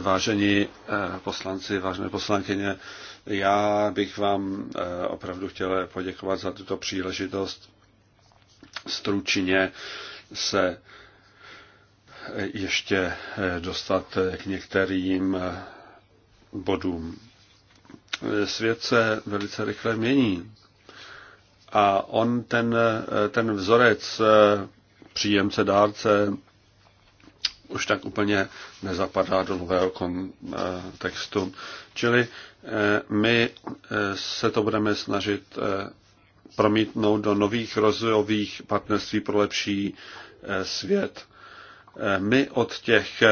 Vážení eh, poslanci, vážené poslankyně, já bych vám eh, opravdu chtěl poděkovat za tuto příležitost stručně se eh, ještě dostat k některým bodům. Svět se velice rychle mění a on ten, ten vzorec příjemce dárce už tak úplně nezapadá do nového kontextu. Čili eh, my eh, se to budeme snažit eh, promítnout do nových rozvojových partnerství pro lepší svět. My od těch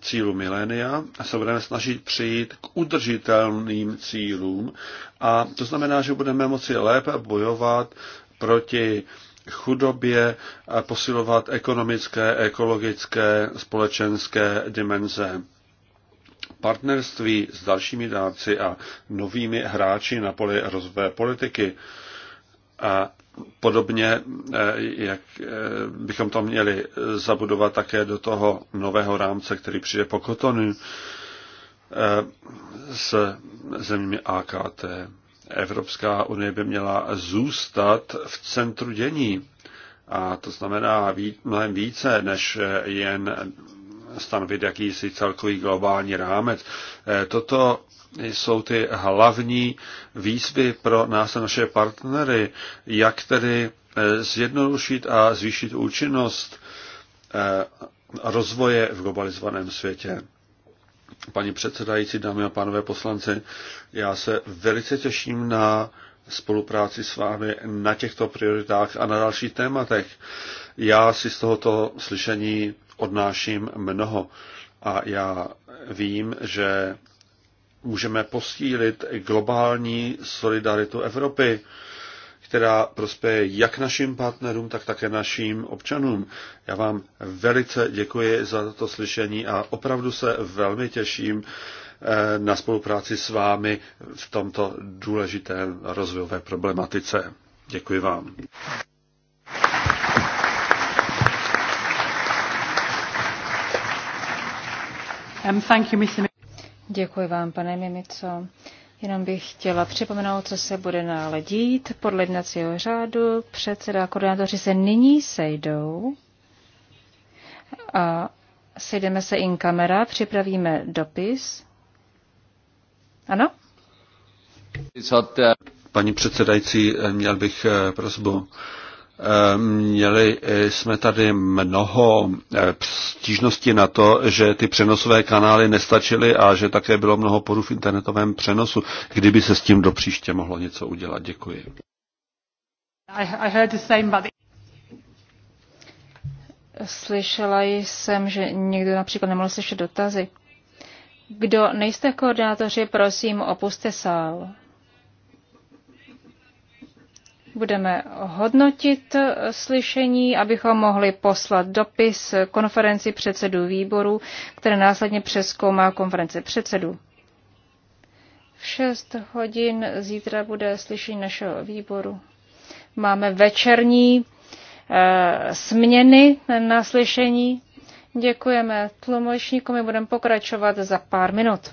cílů milénia se budeme snažit přijít k udržitelným cílům a to znamená, že budeme moci lépe bojovat proti chudobě a posilovat ekonomické, ekologické, společenské dimenze. Partnerství s dalšími dárci a novými hráči na poli rozvoje politiky a podobně, eh, jak eh, bychom to měli zabudovat také do toho nového rámce, který přijde po Kotonu eh, s zeměmi AKT. Evropská unie by měla zůstat v centru dění. A to znamená mnohem více, než jen stanovit jakýsi celkový globální rámec. Eh, toto jsou ty hlavní výzvy pro nás a naše partnery, jak tedy eh, zjednodušit a zvýšit účinnost eh, rozvoje v globalizovaném světě paní předsedající, dámy a pánové poslanci, já se velice těším na spolupráci s vámi na těchto prioritách a na dalších tématech. Já si z tohoto slyšení odnáším mnoho a já vím, že můžeme posílit globální solidaritu Evropy která prospěje jak našim partnerům, tak také našim občanům. Já vám velice děkuji za toto slyšení a opravdu se velmi těším eh, na spolupráci s vámi v tomto důležitém rozvojové problematice. Děkuji vám. Um, děkuji vám, pane Mimico. Jenom bych chtěla připomenout, co se bude nále dít. Podle jednacího řádu předseda a koordinátoři se nyní sejdou a sejdeme se in kamera, připravíme dopis. Ano? Paní předsedající, měl bych prosbu. Měli eh, jsme tady mnoho eh, stížností na to, že ty přenosové kanály nestačily a že také bylo mnoho porů v internetovém přenosu. Kdyby se s tím do příště mohlo něco udělat? Děkuji. Slyšela jsem, že někdo například nemohl slyšet dotazy. Kdo nejste koordinátoři, prosím, opuste sál. Budeme hodnotit eh, slyšení, abychom mohli poslat dopis konferenci předsedů výboru, které následně přeskoumá konference předsedů. V 6 hodin zítra bude slyšení našeho výboru. Máme večerní e, směny na slyšení. Děkujeme tlumočníkům, budeme pokračovat za pár minut.